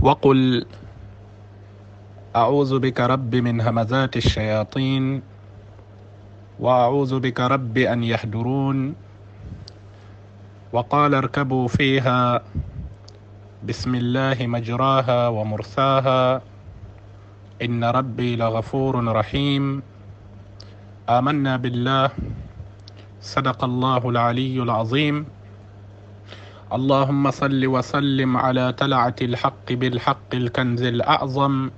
waqul أعوذ بك رب من همزات الشياطين وأعوذ بك رب أن يحضرون وقال اركبوا فيها بسم الله مجراها ومرساها إن ربي لغفور رحيم آمنا بالله صدق الله العلي العظيم اللهم صل وسلم على تلعة الحق بالحق الكنز الأعظم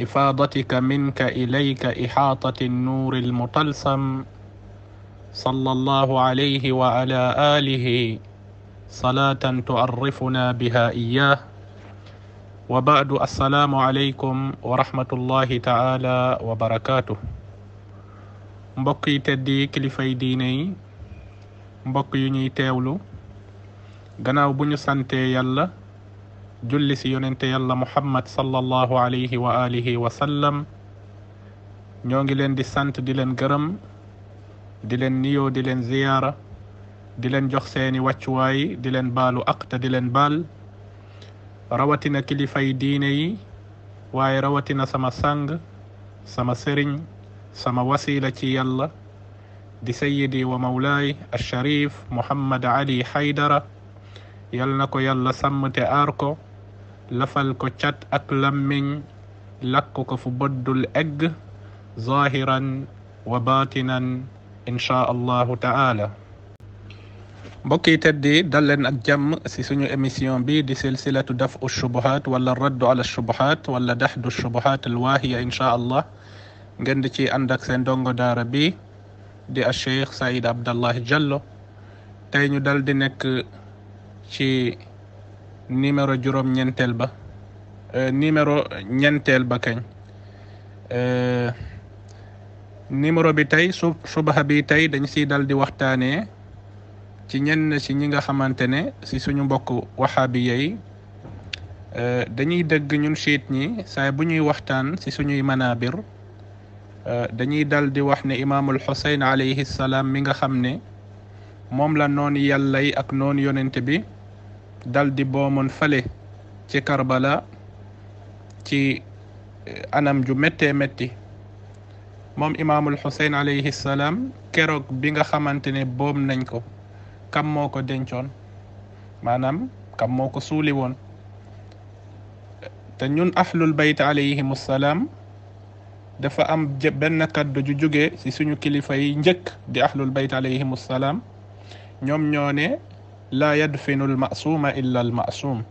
إفاضتك منك إليك إحاطة النور المطلسم صلى الله عليه وعلى آله صلاة تعرفنا بها إياه وبعد السلام عليكم ورحمة الله تعالى وبركاته mbokk yi tedd yi kilifa yi diine yi mbokk yu ñuy teewlu gannaaw bu ñu santee yàlla julli ci yonente yàlla muhammad sallallahu alayhi wa alihi wa sallam ñoo ngi leen di sant di leen gërëm di leen niyoo di leen ziyaara di leen jox seeni wàccuwaay di leen baalu ak te di leen baal rawatina kilifay diine yi waaye rawatina sama sang sama sëriñ sama wasila ci yàlla di sayyidi wa mawlaay al sharif muhammad ali haydara yal na ko yàlla sàmm ko lafal ko cat ak lammiñ lakk ko fu bëddul egg zahiran wa batinan inchaa allahu ta'ala mbokk teddi dal leen ak si suñu émission bi di silsilatu daf u shubuhat wala raddu ala shubuhat wala daxdu shubuhat alwaahiya inchaa allah ngeen ci ànd ak dongo daara bi di a cheikh Saïd Abdallahi Diallo tey ñu dal ci numéro juróom ñeenteel ba euh, numéro ñeenteel ba kañ euh, numéro bi tey su bi tey dañ si daldi di waxtaanee ci ñenn ci ñi nga xamante ne si suñu mbokk waxaa bi yi euh, dañuy dëgg ñun chiit ñi saay bu ñuy waxtaan si suñuy manaabir dañuy daldi wax ne imaamul xusayn alayhi salaam mi nga xam ne moom la noonu yàlla ak noon yonente bi daldi di boomoon fale ci Karbala ci eh, anam ju méttee métti moom imaamul Xuseyn alayhi salaam keroog bi nga xamante ne boom nañ ko kam moo ko dencoon maanaam kam moo ko suuli woon te ñun ahlul bayt alayhimu salaam dafa am benn kaddu ju jóge ci suñu kilifa yi njëkk di ahlul bayt alayhimu salaam ñoom ñoo ne la yadfinu almasuma illa almasum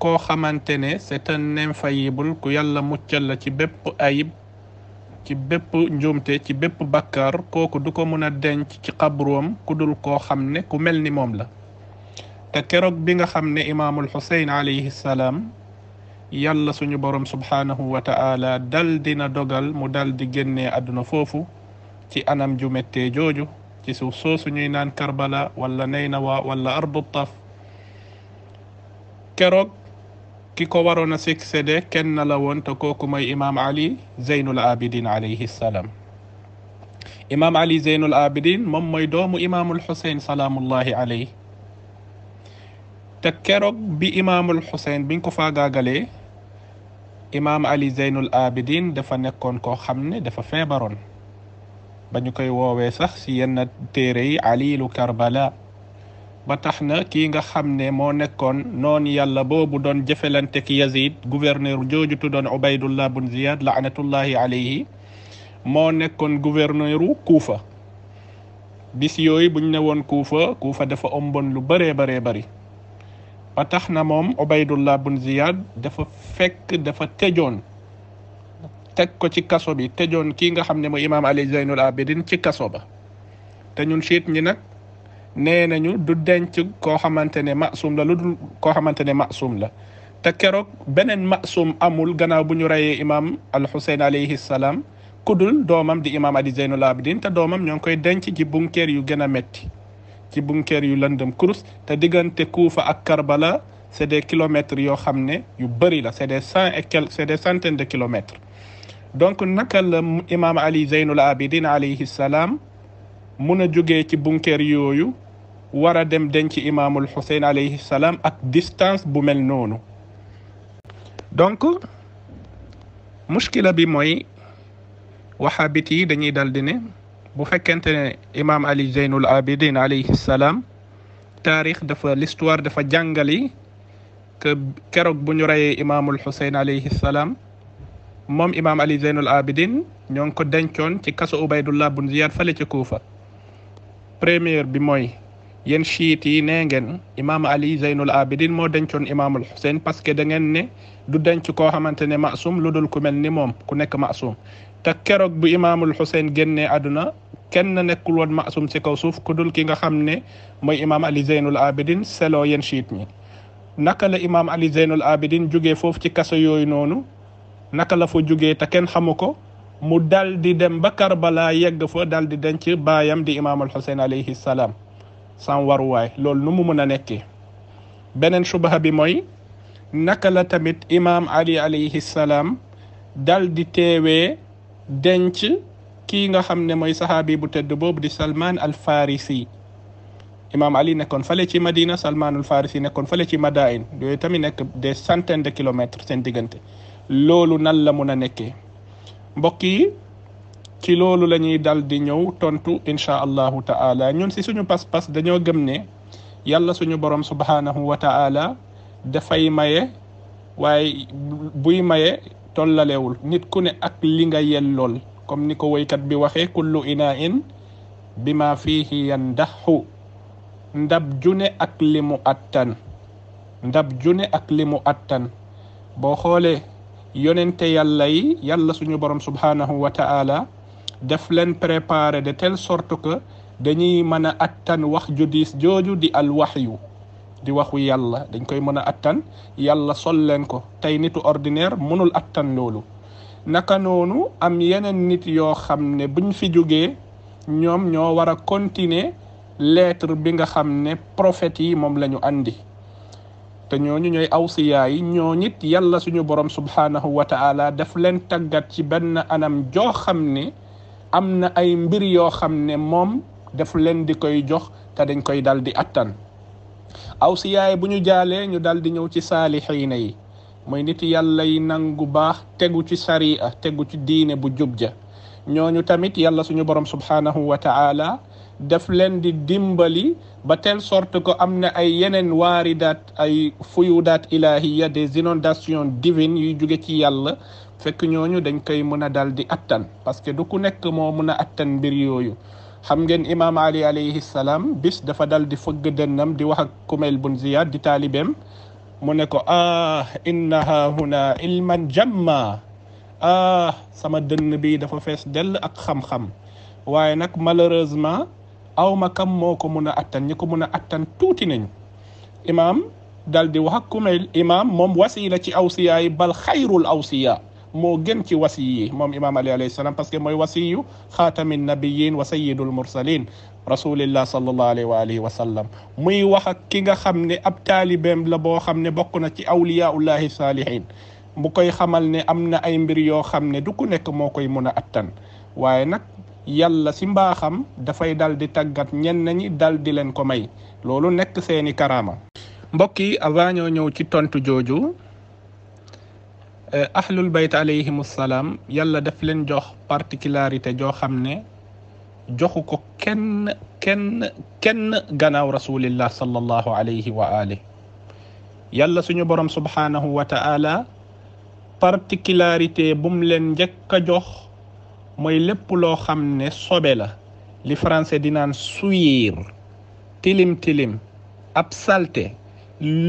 koo xamante ne c'est un infaillible ku yàlla muccal la ci bépp ayib ci bépp njuumte ci bépp bakkar kooku du ko mën a denc ci xabruwam ku dul koo xam ne ku mel ni moom la te keroog bi nga xam ne imaamul xuseyn salaam yàlla suñu borom subhaanahu wa ta'ala dal dogal mu daldi di génnee àdduna foofu ci anam ju jooju ci soosu ñuy naan Karbala wala Naynawa wala ardu taf keroog ki ko waroon a succédé kenn la woon te kooku mooy imaam Ali Zeynul Abidin alayhi salaam imaam Ali Zeynul Abidin moom mooy doomu imaamul Xuseyn salaamullahi alayhi te keroog bi imaamul Xuseyn biñ ko faagaagalee imaam Ali Zeynul Abidin dafa nekkoon koo xam ne dafa feebaroon. ba ñu koy woowee sax ci yenn téere yi alilu karbala ba tax na kii nga xam ne moo nekkoon noon yàlla boobu doon jëfelante ki yazid gouverneur jooju tuddoon ubaydullah bun ziyad laanatullahi alayhi moo nekkoon gouverneur kuufa bis yooyu buñ ne woon kuufa kuufa dafa ëmboon lu bëree bëree bari ba tax na moom ubaydullah bun ziyad dafa fekk dafa tëjoon teg ko ci kaso bi tëjoon kii nga xam ne mooy imaam Ali Zeynul Abidin ci kaso ba te ñun siit ñi nag nee nañu du denc koo xamante ne masum la lu dul koo xamante ne masum la te keroog beneen masum amul gannaaw bu ñu reyee imaam al Xuseyn alayhi salaam kudul doomam di imaam Ali Zeynul Abidin te doomam ñoo ngi koy denc ci bunkeer yu gën a métti ci bunkeer yu lëndëm kurus te diggante Kuufa ak Karbala c'est des kilomètres yoo xam ne yu bëri la c'est des cent et quelques c'est des centaines de kilomètres donc naka la imaam ali zeynul abidin alayhi salaam mun a jógee ci bunker yooyu war a dem denc imaamul xuseyn alayhi salaam ak distance bu mel noonu donc mushkila bi mooy waxaabit yi dañuy dal di bu fekkente ne imaam ali zeynul abidin alayhi salaam taarix dafa l'histoire dafa jàngali keroog bu ñu reyee imaamul xuseyn alayhi salaam moom imaam ali zeynul abidin ñoo ngi ko dencoon ci kaso ubaydullah bun ziyad fale ci kuufa première bi mooy yéen chiit yi nee ngeen imaam ali zeynul abidin moo dencoon imaamul Hussein parce que da ngeen du denc koo xamante ne masum lu dul ku mel ni moom ku nekk masum te keroog bu imaamul Hussein génnee àdduna kenn nekkul woon masum ci kaw suuf ku dul ki nga xam ne mooy imaam ali zeynul abidin seloo yéen chiit ñi naka la imaam ali zeynul abidin jógee foofu ci kaso yooyu noonu naka la fa jógee te kenn xamu ko mu dal di dem ba Karbala yegg fa dal di denc baayam di imaamul Xuseyn alayhi salaam sans waruwaay loolu nu mu mën a nekkee beneen subaha bi mooy naka la tamit imaam Ali alayhi salaam dal di teewee denc kii nga xam ne mooy saxaabi bu tedd boobu di Salman al Farisi imaam Ali nekkoon fale ci Madina Salman al Farisi nekkoon fale ci Madain yooyu tamit nekk des centaines de kilomètres seen diggante. loolu nan la mun a nekkee mbokk yi ci loolu la ñuy dal di ñëw tontu incha allahu ta'ala ñun si suñu pas-pas dañoo gëm ne yalla suñu borom subhanahu wa ta'ala dafay maye waaye buy maye tollalewul nit ku ne ak li nga yellool comme ni ko woykat bi waxee kullu ina in bima ma fiihi yandaxu ndab june ak li mu attan ndab june ak li mu boo xoolee yonente yàlla yi yàlla suñu borom subhanahu wa ta'ala def leen préparer de telle sorte que dañuy mën a attan wax ju jooju di al waxyu di waxu yàlla dañ koy mën a attan yàlla sol leen ko tey nitu ordinaire mënul attan loolu naka noonu am yeneen nit yoo xam ne buñ fi jógee ñoom ñoo war a continuer lettre bi nga xam ne prophètes yi moom la ñu andi te ñooñu ñooy awsiyaa yi ñoo nit yàlla suñu borom subhaanahu wa taala daf leen tàggat ci benn anam joo xam ne am na ay mbir yoo xam ne moom daf leen di koy jox te dañ koy dal di attan awsiyaa bu ñu jaalee ñu dal di ñëw ci saalixiina yi mooy nit yàlla yi nangu baax tegu ci sariya tegu ci diine bu jub ja ñooñu tamit yàlla suñu borom subhaanahu wa taala daf leen di dimbali ba telle sorte que am na ay yeneen waaridaat ay fuyudaat ilaahiya des inondations divines yuy jóge ci yàlla fekk ñooñu dañ koy mën a dal di attan parce que du ku nekk moo mën a attan mbir yooyu xam ngeen imaam ali alayhi salaam bis dafa dal di fëgg di wax ak Kumayl bun Ziyaad di taalibeem mu ne ko ah inna ha huna ilman jamma ah sama dënn bi dafa fees dell ak xam-xam waaye nag aw ma kam moo ko mun a attan ñi ko mun a attan tuuti nañu imaam dal di wax ak ku mel imaam moom wasiila ci awsiya yi bal xayrul awsiya moo gën ci wasi moom imaam ali alayhi salaam parce que mooy wasiyu xaatami nabiyin wa sayidul mursalin rasulillah sallallahu alayhi wa alihi wa sallam muy wax ak ki nga xam ne ab taalibeem la boo xam ne bokk na ci awliyaullahi saalihin mu koy xamal ne am na ay mbir yoo xam ne du ku nekk moo koy mun a attan waaye nag yàlla si mbaaxam dafay dal di tàggat ñenn ñi dal di leen ko may loolu nekk seeni karaama mbokk yi avant ñoo ñëw ci tontu jooju eh, ahlul bayt alayhimu salaam yàlla def leen jox particularité joo xam ne joxu ko kenn kenn kenn gannaaw rasulillah sallallahu alayhi wa ali yàlla suñu borom subhaanahu wa particularité bum leen njëkk a jox mooy lépp loo xam ne sobe la li français di naan suyir tilim tilim ab salte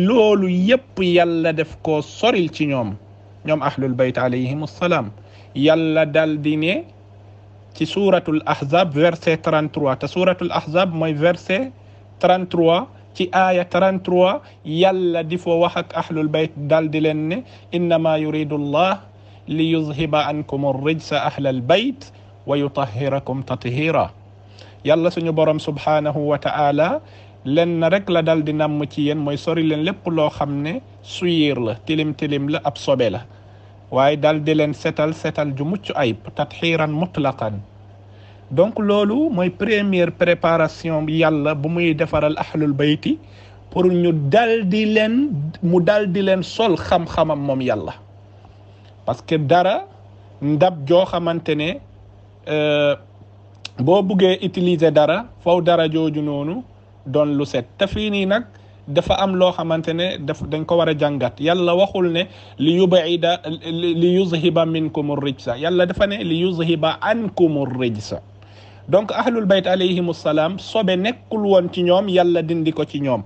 loolu yépp yàlla def koo soril ci ñoom ñoom ahlul bayt alayhim assalaam yàlla dal di ne ci suuratul ahzab verset 33 te suuratul ahzab mooy verset 33 ci aaya 33 yàlla di fa wax ak ahlul bayt dal di leen ne innama yuridu allah li yuzhiba ankum ar-rijsa ahla al-bayt wa yutahhirakum tathira yàlla suñu borom subhanahu wa ta'ala len na rek la dal di namm ci yéen mooy sori leen lépp loo xam ne suyiir la tilim tilim la ab sobe la waaye dal di leen setal setal ju mucc ayib tatxiiran mutlaqan donc loolu mooy première préparation yàlla bu muy defaral ahlul bayti pour ñu dal di leen mu dal di leen sol xam-xamam moom yàlla parce que dara ndab joo xamante ne euh, boo buggee utiliser dara faw dara jooju noonu doon lu set te nii nag dafa am loo xamante ne daf dañ ko war a jàngat yàlla waxul ne li yubida li yuzhiba minkum rijsa yàlla dafa ne li yuzhiba ankum rijsa donc ahlul bayt alayhim salaam sobe nekkul woon ci ñoom yàlla dindi ko ci ñoom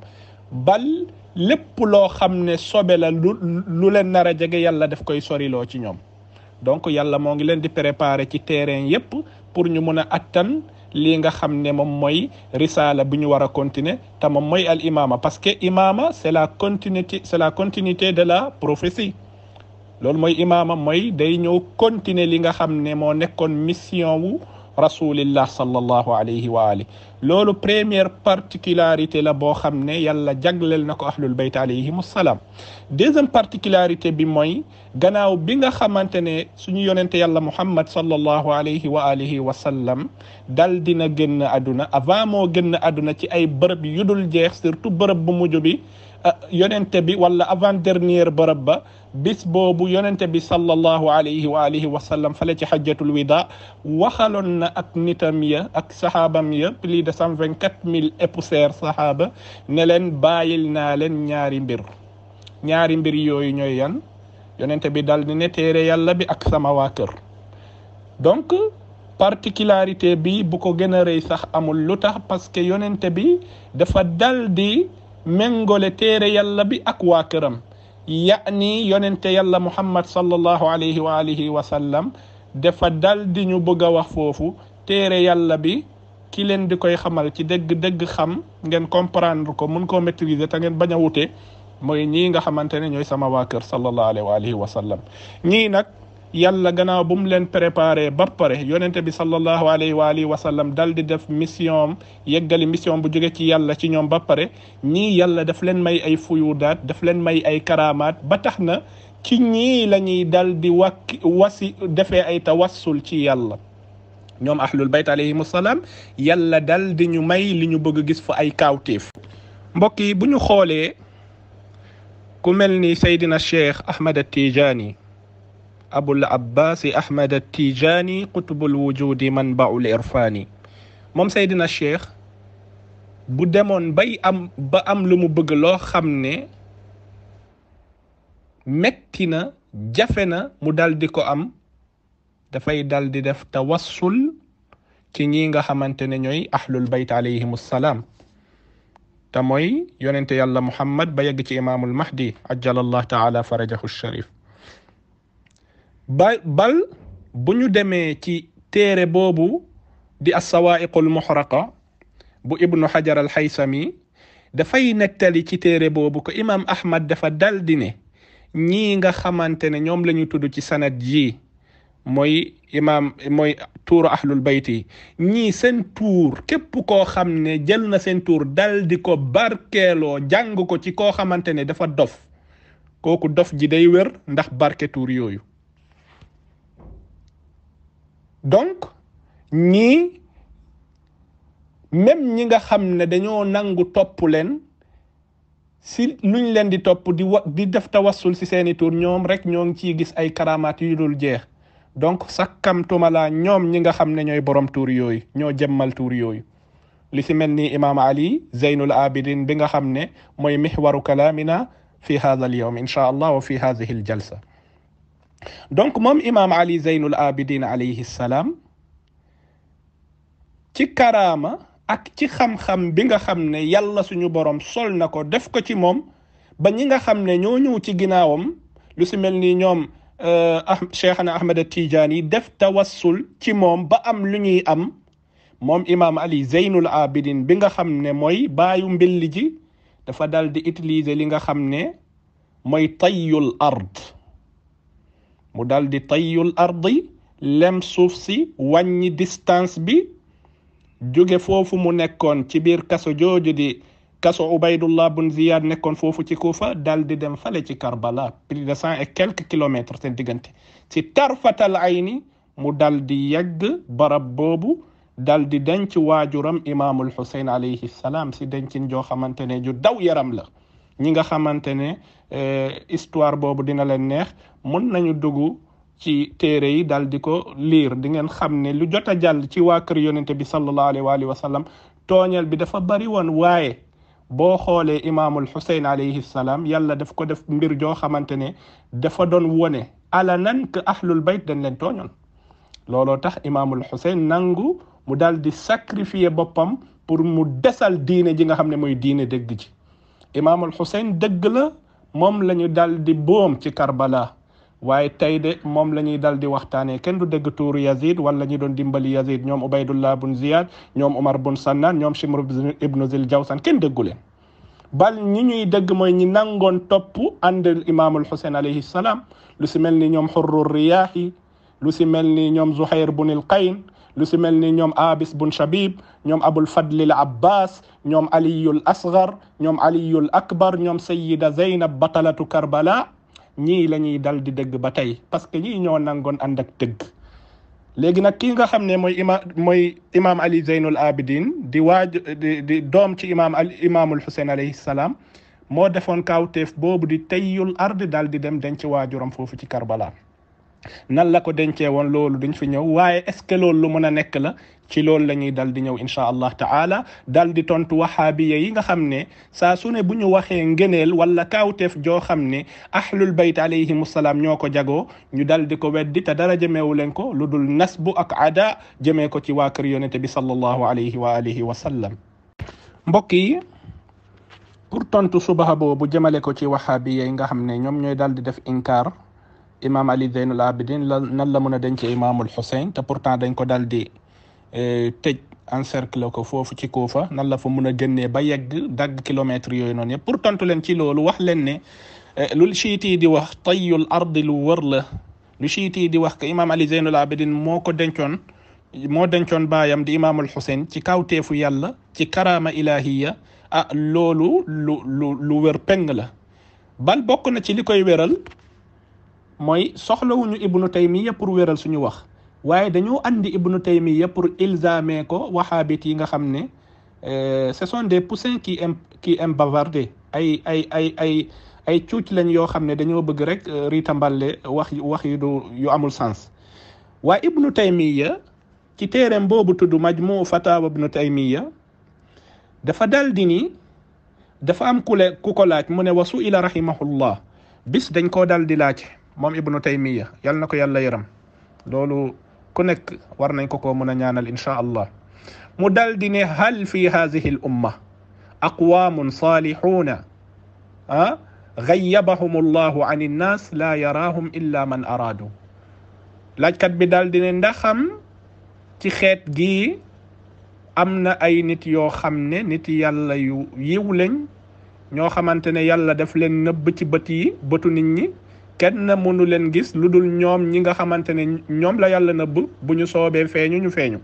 lépp loo xam ne sobela la lu lu leen nar jege yàlla daf koy soriloo ci ñoom donc yalla moo ngi leen di préparer ci terrain yépp pour ñu mun a attan lii nga xam ne moom mooy risaala bi ñu war a continuer te moom mooy al imaama parce que imaama c'est la continuité c'est la de la prophétie loolu mooy imaama mooy day ñëw continuer li nga xam ne moo nekkoon mission wu rasulillah sallallahu alayhi wa ali loolu première particularité la boo xam ne yàlla jagleel na ko ahlul bayt alayhim salaam deuxième particularité bi mooy gannaaw bi nga xamante ne suñu yonente yàlla muhammad sallallahu alayhi wa alihi wa sallam dal dina génn àdduna avant moo génn àdduna ci ay bërëb yu dul jeex surtout bërëb bu mujj bi Uh, yonente bi walla avant dernière bërëb ba bis boobu yonente bi sallallahu alayhi wa alihi wa sallam fale ci xajjatul wida waxaloon na ak nitam ya ak saxaabam ya plus de cent vingt et poussière saxaaba ne leen bàyyil naa leen ñaari mbir ñaari mbir yooyu ñooy yan yonente bi dal di ne téere yàlla bi ak sama waa kër donc particularité bi bu ko gën a rëy sax amul lu tax parce que yonente bi dafa dal méngole téere yàlla bi ak waa këram yaani yonente yàlla muhammad sallallahu alayhi wa alihi wa sallam dafa dal di ñu bëgg a wax foofu téere yàlla bi ki leen di koy xamal ci dëgg-dëgg xam ngeen comprendre ko mun koo maîtriser te ngeen bañ a wute mooy ñii nga xamante ne ñooy sama waa kër sallallahu alayhi wa alihi wa yàlla gannaaw bu mu leen préparé ba pare yonente bi sallallahu alayhi wa alihi wa sallam dal di def mission yeggali mission bu jóge ci yàlla ci ñoom ba pare ñii yàlla def leen may ay fuyudaat daf leen may ay karamaat ba tax na ci ñii la ñuy dal di wakk wasi defee ay tawassul ci yàlla ñoom ahlul bayt alayhimu salaam yalla dal di ñu may li ñu bëgg gis fa ay kaawteef mbokk yi bu ñu xoolee ku mel ni Seydina Cheikh Ahmed Tidiane abul abbaasi ahmad tijaani qutbul wujudi manbaul irfaani moom Seydina Cheikh bu demoon bay am ba am lu mu bëgg loo xam ne metti na jafe na mu daldi ko am dafay dal di def tawassul ci ñi nga xamante ne ñooy ahlul bayt alayhim salaam te mooy yonente yàlla muhammad ba yegg ci imaamul mahdi ajjala allah taala farajahu sharif ba bal bu ñu demee ci téere boobu di assawaa'iqul muhraqa bu ibnu xajar al xaysami dafay nettali ci téere boobu ko imam ahmad dafa dal di ne ñii nga xamante ne ñoom la tudd ci sanad ji mooy imaam mooy ahlul bayt yi ñii seen tuur képp koo xam ne jël na seen tuur dal di ko barkeeloo jàng ko ci koo xamante ne dafa dof kooku dof ji day wér ndax barke tuur yooyu donc ñii même ñi nga xam ne dañoo nangu topp leen si luñ leen di topp di wa di def tawassul si seeni tur ñoom rek ñoo ngi ciy gis ay karamaat yu dul jeex donc sakkamtuma la ñoom ñi nga xam ne ñooy borom tuur yooyu ñoo jëmmal tuur yooyu li si mel ni imaam ali zeynul abidin bi nga xam ne mooy mihwaru kalamina fi hadha al yawm insha allah wa fi hadhihi al jalsa donc moom imaam ali zeynul abidin alayhi salaam ci karama ak ci xam-xam bi nga xam ne yàlla suñu borom sol na ko def ko ci moom ba ñi nga xam ne ñoo ñëw ci ginnaawam lu si mel ni ñoom ah Cheikhna Ahmed Tidiane yi def tawassul ci moom ba am lu ñuy am moom imaam ali zeynul abidin bi nga xam ne mooy baayu mbill ji dafa dal di utiliser li nga xam ne mooy tayyul ard mu dal di tayyul ardi lem suuf si wàññi distance bi jóge foofu mu nekkoon ci biir kaso jooju di kaso Ubaydullah bun Ziyad nekkoon foofu ci Kufa dal di dem fale ci Karbala plus de cent et quelques kilomètres seen diggante ci tarfatal ayni mu dal di yegg barab boobu dal di denc waajuram imaamul Husayn alayhi salaam si dencin joo xamante ne ju daw yaram la ñi nga xamante ne euh, histoire boobu dina leen neex mën nañu dugg ci téere yi daal di ko liir di ngeen xam ne lu jot a jàll ci waa kër yonente bi sallallahu alayhi wa sallam tooñal bi dafa bari woon waaye boo xoolee imaamul Xuseyn alayhi salaam yàlla daf ko def mbir joo xamante ne dafa doon wone ala nan que ahlul bayt dañ leen tooñoon looloo tax imaamul Xuseyn nangu mu daal di sacrifier boppam pour mu desal diine ji nga xam ne mooy diine dégg ji imaamul Xuseyn dëgg la moom la ñu dal di boom ci Karbala waaye tey de moom la ñuy dal di waxtaanee kenn du dégg tuuru Yazid wala ñi doon dimbali Yazid ñoom Ubaydullah bun Ziyad ñoom Omar bun Sannan ñoom Shimr ibnu Zil Jawsan kenn déggu leen bal ñi ñuy dégg mooy ñi nangoon topp ànd imaamul Xuseyn alayhi lu si mel ni ñoom Xurru Riyaahi lu si mel ni ñoom Zuhayr bunil Qayn lu si mel ni ñoom abis bun shabib ñoom abul fadlil abbas ñoom aliyul asgar ñoom aliyul akbar ñoom sayida zeynab batalatu karbala ñii la ñuy dal di dëgg ba tey parce que ñii ñoo nangoon ànd ak dëgg léegi nag kii nga xam ne mooy ima mooy imaam ali zeynul abidin di waaj di doom ci imaam al imaamul husayn alayhi salaam moo defoon kawteef boobu di tayyul ard dal di dem denc waajuram foofu ci karbala nan la ko dencee woon loolu duñ fi ñëw waaye est-ce que loolu lu mën a nekk la ci loolu la ñuy dal di ñëw incha allah taala dal di tontu waxaabiya yi nga xam ne saa su ne bu ñu waxee ngëneel wala kaawteef joo xam ne ahlul bayt alayhimu salaam ñoo ko jagoo ñu dal di ko weddi te dara jëmeewu leen ko lu dul nasbu ak ada jëmee ko ci waa kër yonente bi sallallahu alayhi wa alihi wa sallam mbokk yi pour tontu subaha boobu jëmale ko ci waxaabiya yi nga xam ne ñoom ñooy dal di def inkaar imaam ali zeynul abidin la nan la mën a dencee imaamul Hussein te pourtant dañ ko dal di e, tëj encercle ko foofu ci koofa nan la fa mën a génnee ba yegg dagg kilomètres yooyu noonu yëpp pour tontu leen ci loolu wax leen ne e, lu chiite yi di wax tayul ardi lu wër la lu chiite yi di wax que imaam ali zeynul abidin moo ko dencoon moo dencoon baayam di imaamul Hussein ci kawteefu yàlla ci karaama ilahiya ah loolu lu lu lu wér peng la bal ci li koy wéral mooy soxlawuñu ibnu taymiya pour wéral suñu wax waaye dañoo andi ibnu taymiya pour ilzame ko waxaabit yi nga xam ne euh, ce sont des poussins qui aiment qui aiment bavarder ay ay ay ay ay cuuc lañ yoo xam ne dañoo bëgg rek euh, ritamballe wax wax yu du yu amul sens waaye ibnu taymiya ci téereem boobu tudd majmu fatawa ibnu taymiya dafa daldi ni dafa am ku ku ko laaj mu ne wasu ila rahimahullah bis dañ koo dal di laaj moom ibnu taymiya yal na ko yàlla yaram loolu ku nekk war nañ ko koo mën a ñaanal inchaa allah mu dal di ne hal fi haadihi l umma aqwaamun saalihuuna ah gayyabahum allahu an innaas laa yaraahum illa man araadu laajkat bi daal di ne ndaxam ci xeet gii am na ay nit yoo xam ne nit yàlla yu yiw lañ ñoo xamante ne yàlla daf leen nëbb bëtu nit ñi kenn mënu leen gis lu dul ñoom ñi nga xamante ne ñoom la yàlla nëbb bu ñu soobee feeñu ñu feeñu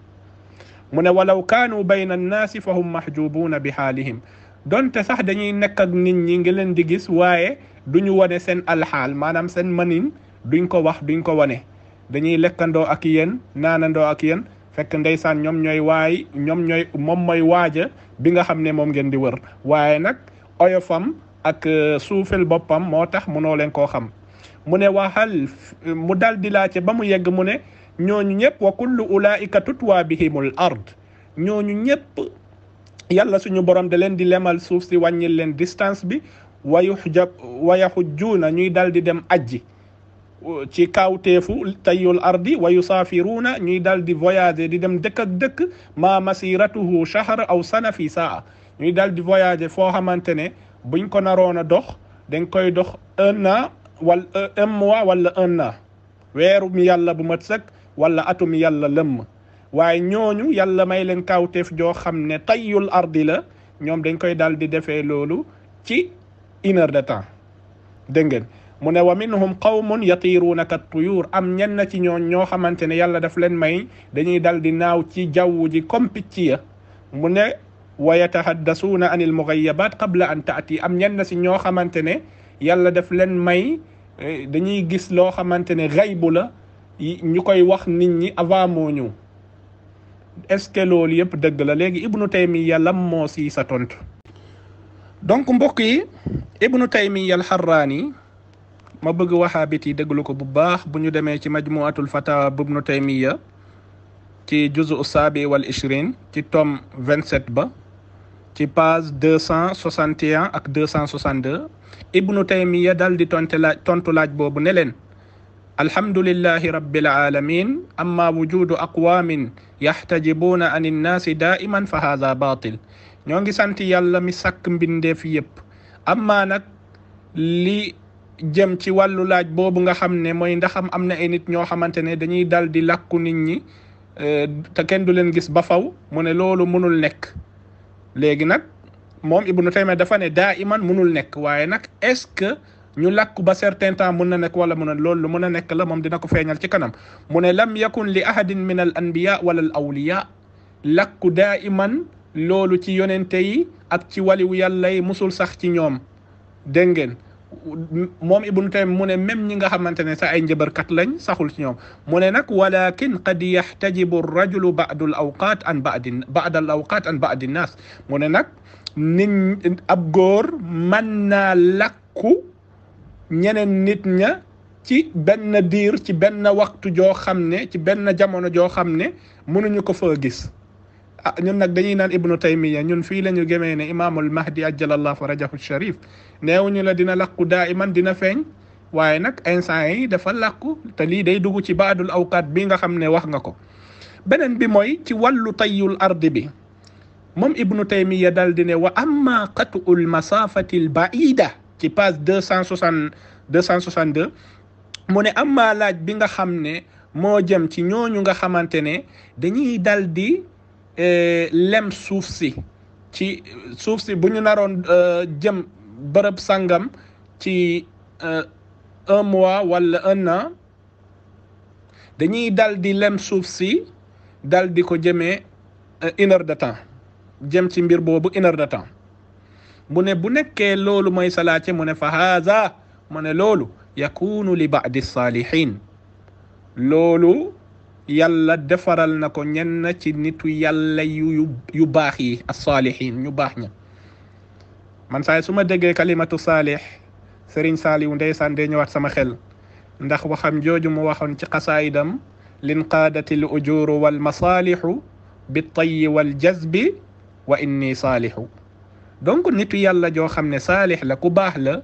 mu ne walaw kaanu bayna annaasi fa hum mahjubuuna bi xaalihim donte sax dañuy nekk ak nit ñi ngi leen di gis waaye duñu wane seen alxaal maanaam seen manin duñ ko wax duñ ko wane dañuy lekkandoo ak yéen naanandoo ak yéen fekk ndeysaan ñoom ñooy waay ñoom ñooy moom mooy waaja bi nga xam ne moom ngeen di wër waaye nag oyofam ak euh, suufel boppam moo tax mënoo leen koo xam mu ne waxal mu dal di laajte ba mu yegg mu ne ñooñu ñëpp wa kullu ulaika tutwa bihimul ard ñooñu ñëpp yàlla suñu borom da leen di lemal suuf si wàññil leen distance bi wayuxjab wayahujjuuna ñuy dal di dem ajji ci kawteefu tayul ardi wa yusaafiruuna ñuy dal di voyager di dem dëkk ak dëkk ma masiratuhu shahr aw sana fi saa ñuy dal di voyager foo xamante ne buñ ko naroon a dox dañ dox un Euh, wala un mois wala un weeru mi yàlla bu mat sëkk wala atum yàlla lëmm waaye ñooñu yàlla may leen kawteef joo xam ne tayyul ardi la ñoom dañ koy daal di defee loolu ci une de temps dégg ngeen mu ne wa minhum qawmun yatiiruuna ka tuyuur am ñenn ci ñooñ ñoo xamante ne yàlla daf leen may dañuy dal di naaw ci jaww ji comme picc ya mu ne wa yatahaddasuuna an il mugayabat qabla an taati am ñenn ci ñoo xamante ne yàlla def leen may eh, dañuy gis loo xamante ne xaybu la ñu koy wax nit ñi avant moo ñëw est-ce yëpp dëgg la léegi ibnu taymiya lam moo si sa tontu. donc mbokk yi ibnu taymiya al harraani ma bëgg waxaabit yi déglu ko bu baax bu ñu demee ci majmuatul fatawa bu ibnu taymiya ci juzu saabi wal ishrin ci tom vingt-sept ba ci page deux cent soixante et ak deux cent soixante deux ibnu taymiya dal di tonte tontu laaj boobu ne leen alhamdulillahi rabbil alamin amma wujudu aqwamin yaxtajibuuna an innaasi daiman fa haada baatil ñoo ngi sant yàlla mi sàkk mbindeef yépp amma nag li jëm ci wàllu laaj boobu nga xam ne mooy ndaxam am na ay nit ñoo xamante ne dañuy dal di lakku nit ñi euh, te kenn du leen gis ba faw mu ne loolu mënul nekk léegi nag moom Ibnu Taymiya dafa ne daa iman mënul nekk waaye nag est-ce que ñu lakk ba certain temps mun na nekk wala mun a loolu mun a nekk la moom dina ko feeñal ci kanam mu ne lam yakun li ahadin min al anbiya wala al awliya làkku daa iman loolu ci yonentey ak ci waliwu yàlla yi musul sax ci ñoom dégg ngeen moom ibnu taym mu ne même ñi nga xamante ne sax ay njëbërkat lañ saxul si ñoom mu ne nag walakin qad yaxtajibu rajulu badul awqat an badin badal awqat an badi nas mu ne nag nit ab góor man naa lakku ñeneen nit ña ci benn diir ci benn waxtu joo xam ne ci benn jamono joo xam ne mënuñu ko fa gis ah ñun nag dañuy naan ibnu taymiya ñun fii la ñu gëmee ne imaamul mahdi ajjalallahu rajahu sharif neewuñu la dina làqu daa iman dina feeñ waaye nag instant yi dafa làqu te lii day dugg ci baadul awqaat bi nga xam ne wax nga ko beneen bi mooy ci wàllu tayyul ardi bi moom ibnu taymiya dal di ne wa amma qatu'ul masafatil baida ci page deux cent soixante deux cent soixante deux mu ne amma laaj bi nga xam ne moo jëm ci ñooñu nga xamante ne dañuy dal di Eh, lem suuf si ci suuf si bu ñu naroon eh, jëm bërëb sangam ci eh, un mois wala un an dañuy dal di lem suuf si dal di ko jëmee une heure de temps jëm ci mbir boobu une heure de temps mu ne bu nekkee loolu mooy salaate mu ne fa haza mu ne loolu yakunu li baadi salihin loolu yàlla defaral na ko ñenn ci nitu yàlla yu yu baax yi as-saalihiin ñu baax ña man saay su ma déggee kalimatu saalih sëriñ saaliw ndeysaan day wax sama xel ndax waxam jooju mu waxoon ci xasaayidam lin qaadati l ujuru wal masaalihu bi tayyi wal jazbi wa inni saalihu donc nitu yàlla joo xam ne saalih la ku baax la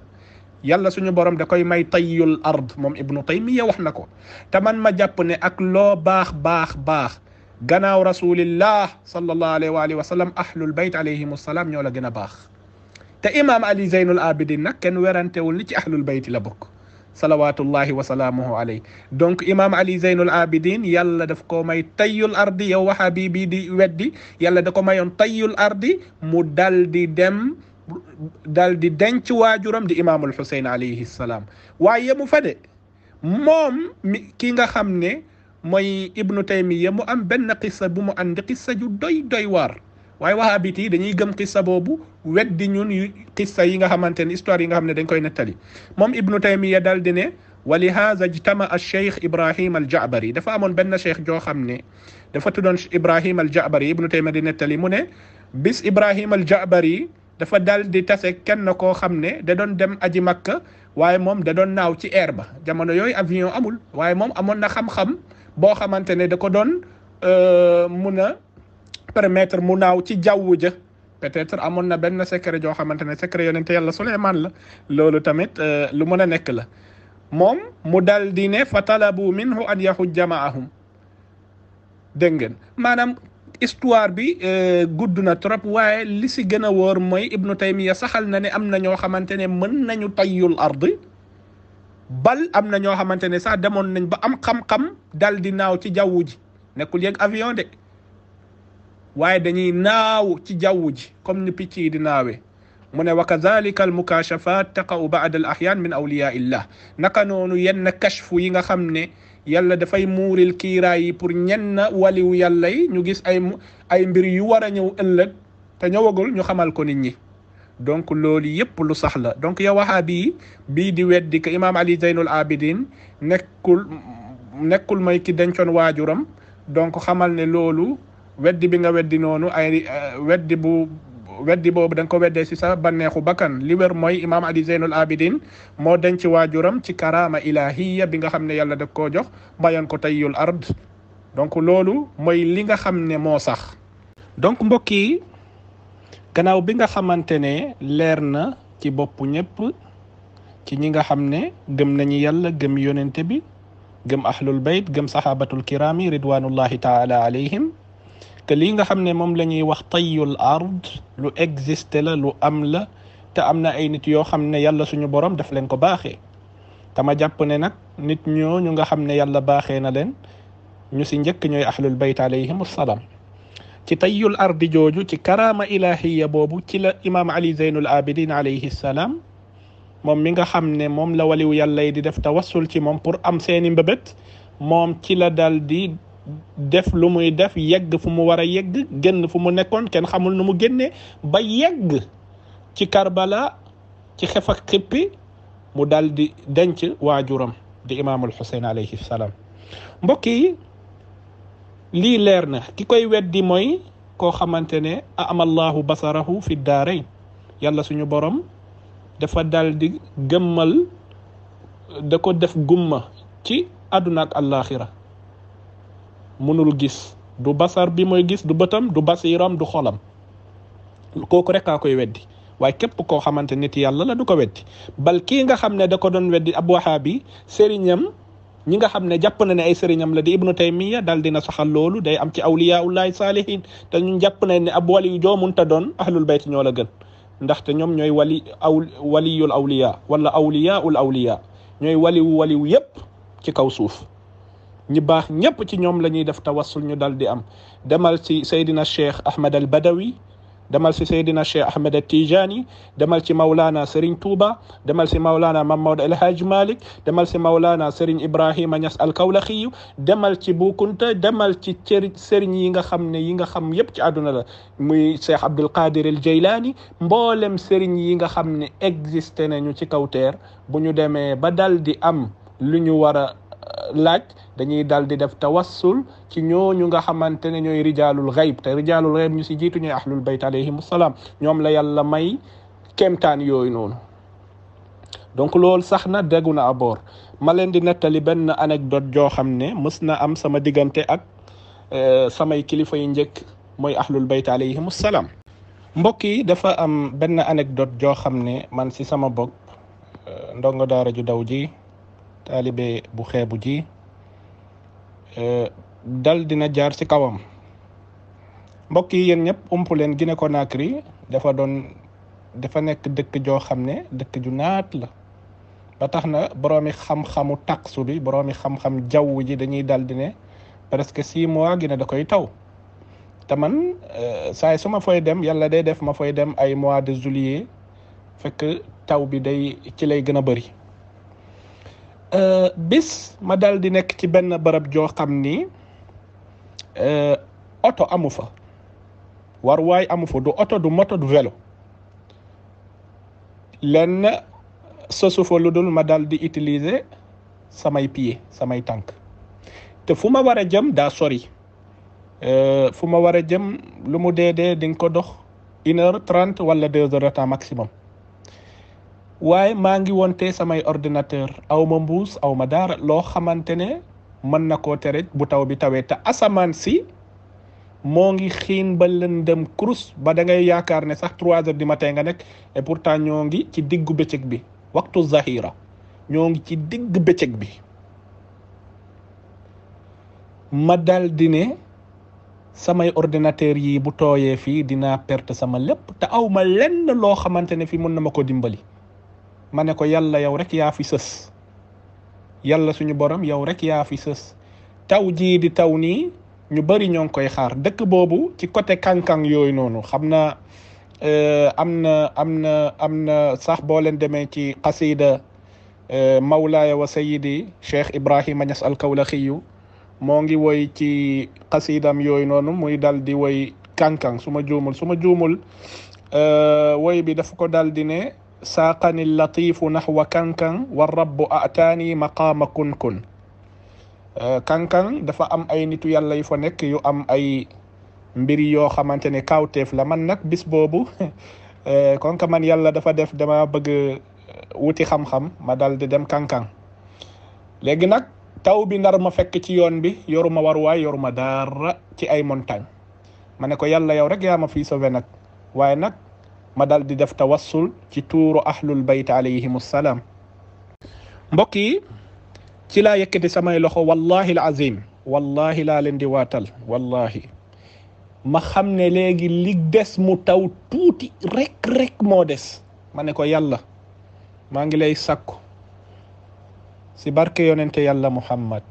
yàlla suñu borom da koy may tayyul ard moom ibnu taymiya wax na ko te man ma jàpp ne ak loo baax baax baax gannaaw rasulillah sallallahu alayhi wa alihi wa sallam ahlul bayt alayhimu salaam ñoo la gën a baax te imaam ali zeynul abidin nag kenn werantewul ni ci ahlul bayt la bokk salawatullahi wa salaamuhu alayh donc imaam ali zeynul abidin yàlla daf ko may tayyul ardi yow wahabi bi di weddi yàlla da ko mayoon tayyul ardi mu dal di dem dal di denc waajuram di imaamul Xuseyn alayhi salaam waaye mu fa de moom ki nga xam ne mooy ibnu taymiya mu am benn qissa bu mu ànd qissa ju doy doy waar waaye wahabit yi dañuy gëm qissa boobu weddi ñun qissa yi nga xamante ne histoire yi nga xam ne dañ koy nettali moom ibnu taymiya dal di ne wa lihaza jtama alcheikh ibrahim aljaabari dafa amoon benn cheikh joo xam ne dafa tuddoon ibrahim aljaabari ibnu taymiya di nettali mu ne bis ibrahim aljaabari dafa dal di tase kenn koo xam ne da doon dem aji makka waaye moom da doon naaw ci air ba jamono yooyu avion amul waaye moom amoon na xam-xam boo xamante ne da ko doon euh, mun a permettre mu naaw ci jaww ja peut-être amoon na benn secret joo xamante ne secret yonente yàlla Suleymaan la loolu tamit euh, lu mën a nekk la moom mu dal di ne fa talabu minhu an yahujja maahum dégg ngeen histoire bi euh, gudd na trop waaye li si gën a wóor mooy ibnu taymiya saxal na ne am na ñoo xamante ne mën nañu tayyul ard bal am na ñoo xamante ne sax demoon nañ ba am xam-xam dal di naaw ci jaww ji nekkul yéeg avion de waaye dañuy naaw ci jaww ji comme ni picc yi di naawe mu ne wa kadalika al mukashafat taqa'u ba'da al ahyan min awliya illah naka noonu yenn kashfu yi nga xam ne yàlla dafay muuril kiiraay yi pour ñenn waliw yàlla ñu gis ay ay mbir yu war a ñëw ëllëg te ñëwagul ñu xamal ko nit ñi donc loolu yëpp lu sax la donc yow wahaabi yi bii di weddi que imaam Ali Zeynul Abidin nekkul nekkul mooy ki dencoon waajuram donc xamal ne loolu weddi bi nga weddi noonu ay weddi bu weddi boobu da nga ko weddee si sa banneexu bakkan li wér mooy imaam ali zeynul abidin moo denc waajuram ci karaama ilahiya bi nga xam ne yàlla daf koo jox bayan ko tayyul ard donc loolu mooy li nga xam ne moo sax donc mbokk yi gannaaw bi nga xamante ne leer na ci bopp ñëpp ci ñi nga xam ne gëm nañu yàlla gëm yonente bi gëm ahlul bayt gëm sahabatul kiraami ridwanullahi taala alayhim que lii nga xam ne moom la ñuy wax tayul ard lu existe la lu am la te am na ay nit yoo xam ne yàlla suñu borom daf leen ko baaxee tama jàpp ne nag nit ñooñu nga xam ne yalla baaxee na leen ñu si njëkk ñooy ahlul bayt alayhim assalaam ci tayul ardi jooju ci karaama ilahiya boobu ci la imaam ali zeynul abidin alayhi salaam moom mi nga xam ne moom la waliw yàlla yi di def tawasul ci moom pour am seeni mbëbët moom ci la dal di def lu muy def yegg fu mu war a yegg génn fu mu nekkoon kenn xamul nu mu génnee ba yegg ci Karbala ci xef ak xippi mu daldi di denc waajuram di imaamul Xuseyn alayhi salaam mbokk yi lii leer na ki koy weddi mooy koo xamante ne amallahu basarahu fi daarayn yàlla suñu borom dafa daldi di gëmmal da ko def gumma ci àdduna ak mënul gis du basar bi mooy gis du batam du basiiram du xolam kooku rek kaa koy weddi waaye képp koo xamante nit yàlla la du ko weddi bal nga xam ne da ko doon weddi ab wahaabi sëriñam ñi nga xam ne jàpp na ne ay seriñam la di ibnu taymiya daal na saxal loolu day am ci awliyaullahi saalihin te ñun jàpp na ne ab wali yu joo munta doon ahlul bayt ñoo la gën ndaxte ñoom ñooy wali aw waliyul awliya wala awliyaul awliya ñooy waliwu waliwu yépp ci kaw suuf ñi baax ñépp ci ñoom la ñuy def tawasul ñu dal di am demal ci Seydina Cheikh Ahmed al Badawi demal ci Seydina Cheikh Ahmed al Tijani demal ci Maulana Serigne Touba demal ci Maulana Mamadou El Hadj Malick demal ci Maulana Serigne Ibrahima Niass al Kawlaxiyu demal ci Bukunta demal ci cër Serigne yi nga xam ne yi nga xam yépp ci àdduna la muy Cheikh Abdul Qadir al Jaylani yi nga xam ne existé nañu ci kaw bu ñu demee ba dal di am lu ñu war a laaj dañuy dal di def tawassul ci ñooñu nga xamante ne ñooy rijaalul xayb te rijaalul xayb ñu si jiitu ñooy ahlul bayt alayhim salaam ñoom la yàlla may kemtaan yooyu noonu donc loolu sax na déggu na aboor ma leen di nettali benn anecdote joo xam ne mës na am sama diggante ak euh, samay kilifa yu njëkk mooy ahlul bayt alayhim salaam mbokk yi dafa am benn anecdote joo xam ne man si sama bopp euh, ndongo daara ju daw ji taalibe bu xeebu ji eh, dal dina jaar ci kawam mbokk yi yéen ñëpp ump leen Guinée Conakry dafa doon dafa nekk dëkk joo xam ne dëkk ju naat la ba tax na boroomi xam-xamu taksu bi boroomi xam-xam jaww ji dañuy dal di ne presque si mois Guinée da koy taw te man eh, saay su ma fooy dem yàlla day def ma fooy dem ay mois de juillet fekk taw bi day ci lay gën a bëri Euh, bis ma dal di nekk ci benn barab joo xam ni euh, oto amu fa waruwaay amu fa du oto du moto du velo lenn sosu fa lu dul ma dal di utiliser samay pied samay tànk te fu ma war a jëm daa sori euh, fu ma war a jëm lu mu dee dee di ko dox une heure trente wala deux heures temps maximum waaye maa ngi wonte samay ordinateur aw ma mbuus aw ma daara loo xamante ne mën na ko tere bu taw bi tawee te asamaan si moo ngi xiin ba lëndëm kurus ba da ngay yaakaar ne sax trois di du matin nga nekk et pourtant ñoo ngi ci diggu bëccëg bi waxtu zahira ñoo ngi ci digg bëccëg bi ma dal di ne samay ordinateur yi bu tooyee fii dinaa perte sama lépp te aw ma lenn loo xamante ne fii mën na ma ko dimbali ma ne ko yàlla yow rek yaa fi sës yàlla suñu borom yow rek yaa fi sës taw jii di taw nii ñu bëri ñoo ngi koy xaar dëkk boobu ci côté kànkang yooyu noonu xam na eh, am na am am sax boo leen demee ci xasida eh, mawlaaya wa sayidi cheikh ibrahima ñas alkawlaxiyu moo ngi woy ci xasidam yooyu noonu muy dal di woy kànkang su ma juumul su ma juumul eh, woy bi dafa ko dal ne saaqani latifu naxwa kankan wa rabbu ataani maqaama kunkun euh, kankan dafa am ay nitu yàlla yu fa nekk yu am ay mbir yoo xamante ne kawteef la man nag bis boobu kon euh, ka man yàlla dafa def dama bëgg euh, wuti xam-xam ma dal di dem kankan léegi nag taw bi nar ma fekk ci yoon bi yoruma waruwaay yoruma dara ci ay montagne ma ne ko yàlla yow rek yaa ma fii sauvé nag waaye nag ma dal di def tawassul ci tuuru ahlul bayt alayhim salaam mbokk yi ci laa yëkkati samay loxo wallahi al azim wallahi laa leen di waatal wallahi ma xam ne léegi li des mu taw tuuti rek rek moo des ma ne ko yàlla maa ngi lay sakku si barke yonente yàlla muhammad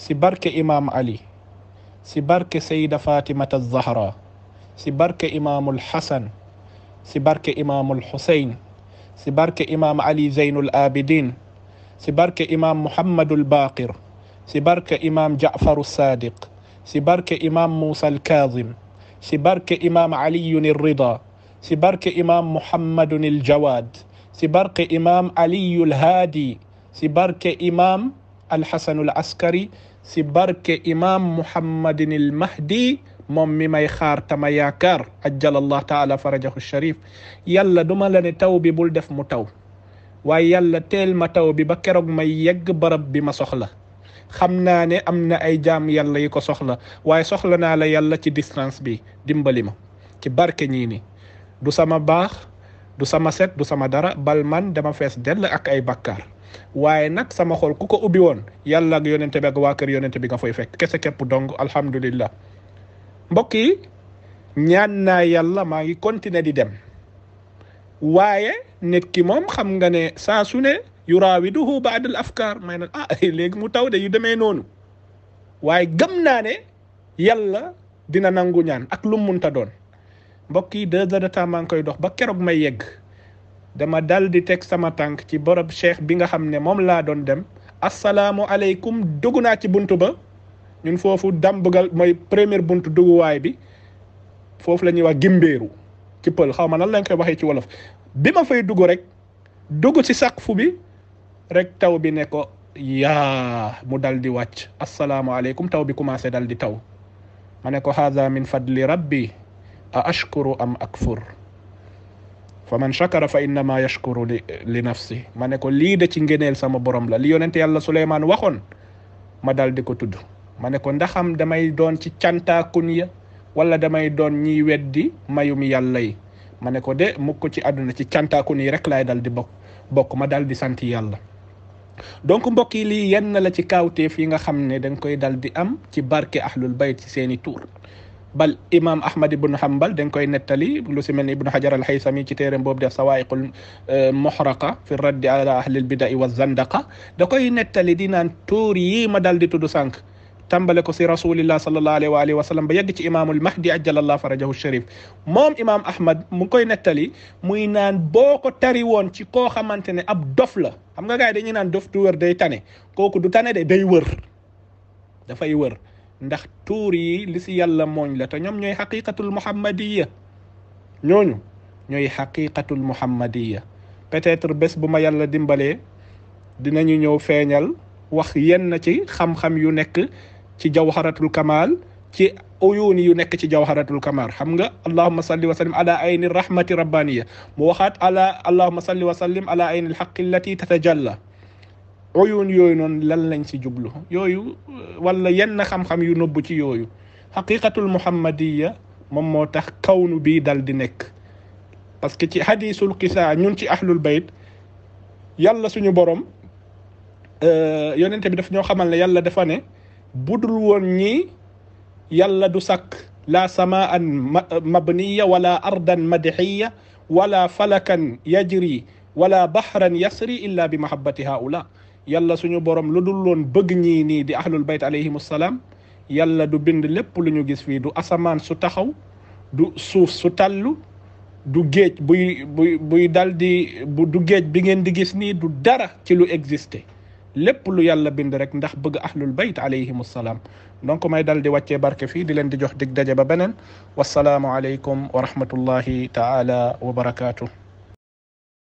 si barke imam ali si barke sayida fatimata zahra si barke imaamul Xasan si barke imaamul Xuseyn si barke imaam Ali Zeynul Abidin si barke imaam Muhammadul Baqir si barke imaam Jaafaru Sadiq si barke imaam Muusa Alkaazim si barke imaam Aliyun Irrida si barke imaam Muhammadun Aljawaad si barke imaam Aliyul Haadi si barke imaam Alxasanul Askari si barke imaam Muhammadin Almahdi moom mi may xaar tama yaakaar ajjalallah taala farajahu sharif yàlla duma la taw bi bul def mu taw waaye yàlla teel ma taw bi ba keroog may yegg barab bi ma soxla xam naa ne am na ay jaam yàlla yi ko soxla waaye soxla naa la yàlla ci distance bi dimbali ma ci barke ñii ni du sama baax du sama set du sama dara bal man dama fees dell ak ay bakkaar waaye nag sama xol ku ko ubbi woon yàlla ak yonente bi ak waa kër yonente bi nga fay fekk kese képp dong alhamdulillah mbokk yi ñaan na yàlla maa ngi continuer di dem waaye nit ki moom xam nga ne saa su ne yuraawiduhu baad al afkaar may na ah eh, léegi mu taw de yu demee noonu waaye gëm naa ne yàlla dina nangu ñaan ak lu munta doon mbokk yi deux heures de maa ngi koy dox ba keroog may yegg dama dal di teg sama tànk ci borob cheikh bi nga xam ne moom laa doon dem asalaamu aleykum dugg naa ci bunt ba ñun foofu dàmbgal mooy première buntu duguwaay bi foofu la ñuy wax gimbéeru ci pël xaw ma nan lañ koy waxee ci wolof bi ma fay dugg rek dugg ci saqfu bi rek taw bi ne ko yaa mu daldi di wàcc asalaamaaleykum taw bi commencé dal di taw ma ne ko haada min fadli rabbi a ashkuru am akfur fa man shakara fa innama yashkuru li li nafsi ma ne ko lii de ci ngëneel sama borom la li yonent yàlla Suleymaan waxoon ma dal di ko tudd ma ne ko ndaxam damay doon ci cantaakun ya wala damay doon ñiy weddi mayum yàlla yi ma ne ko de mukk ci àdduna ci cantaaku yi rek laay dal di bokk bokk ma dal di sant yàlla donc mbokk yi lii yenn la ci kaawteef fi nga xam ne dañ koy dal di am ci barke ahlul bayt ci seeni tuur bal imam ahmad ibnu hambal dañ koy nettali lu si mel ni ibnu hajar al haysami ci téeréem boobu def sawaayiqul euh, muhraqa fi raddi ala ahlil bidai wa zandaqa da koy nettali di naan tuur yii ma dal di tudd sànq tàmbale ko si rasulillah sallallahu alayhi wa alihi wa sallam ba yegg ci imaamul mahdi ajjalallahu farajahu sharif moom imaam ahmad mu koy nettali muy naan boo ko tari woon ci koo xamante ne ab dof la xam nga gars yi dañuy naan dof du wër day tane kooku du tane de day wër dafay wër ndax tuur yi li si yàlla mooñ la te ñoom ñooy xaqiqatul muhammadiya ñooñu ñooy xaqiqatul muhammadiya peut-être bés bu ma yàlla dimbalee dinañu ñëw feeñal wax yenn ci xam yu nekk ci jawharatul kamal ci uyuuni yu nekk ci jawharatul kamal xam nga allahuma salli wa sallim ala ayni rahmati rabbaniya mu waxaat ala allahuma salli wa sallim ala ayni alxaqi allati tatajalla uyuun yooyu noonu lan lañ si jublu yooyu wala yenn xam-xam yu nëbb ci yooyu xaqiqatul muhammadiya moom moo tax kawnu bii dal di nekk parce que ci hadisul qissa ñun ci ahlul bayt yàlla suñu borom euh, yonente bi daf ñoo xamal ne yàlla dafa ne budul woon ñi yàlla du sàkk laa samaan mabniya wala ardan madxiya wala falakan yajri wala bahran yasri illa bi mahabbati haula yàlla suñu borom lu dul woon bëgg ñii nii di ahlul bayt alayhim assalaam yàlla du bind lépp lu ñu gis fii du asamaan su taxaw du suuf su tallu du géej buy buy buy du géej bi ngeen di gis nii du dara ci lu existé lépp lu yàlla bind rek ndax bëgg ahlul bayt alayhim assalaam donc may dal di wàccee barke fii di leen di jox dig daje ba beneen wassalaamu aleykum wa rahmatullahi taala wa barakaatu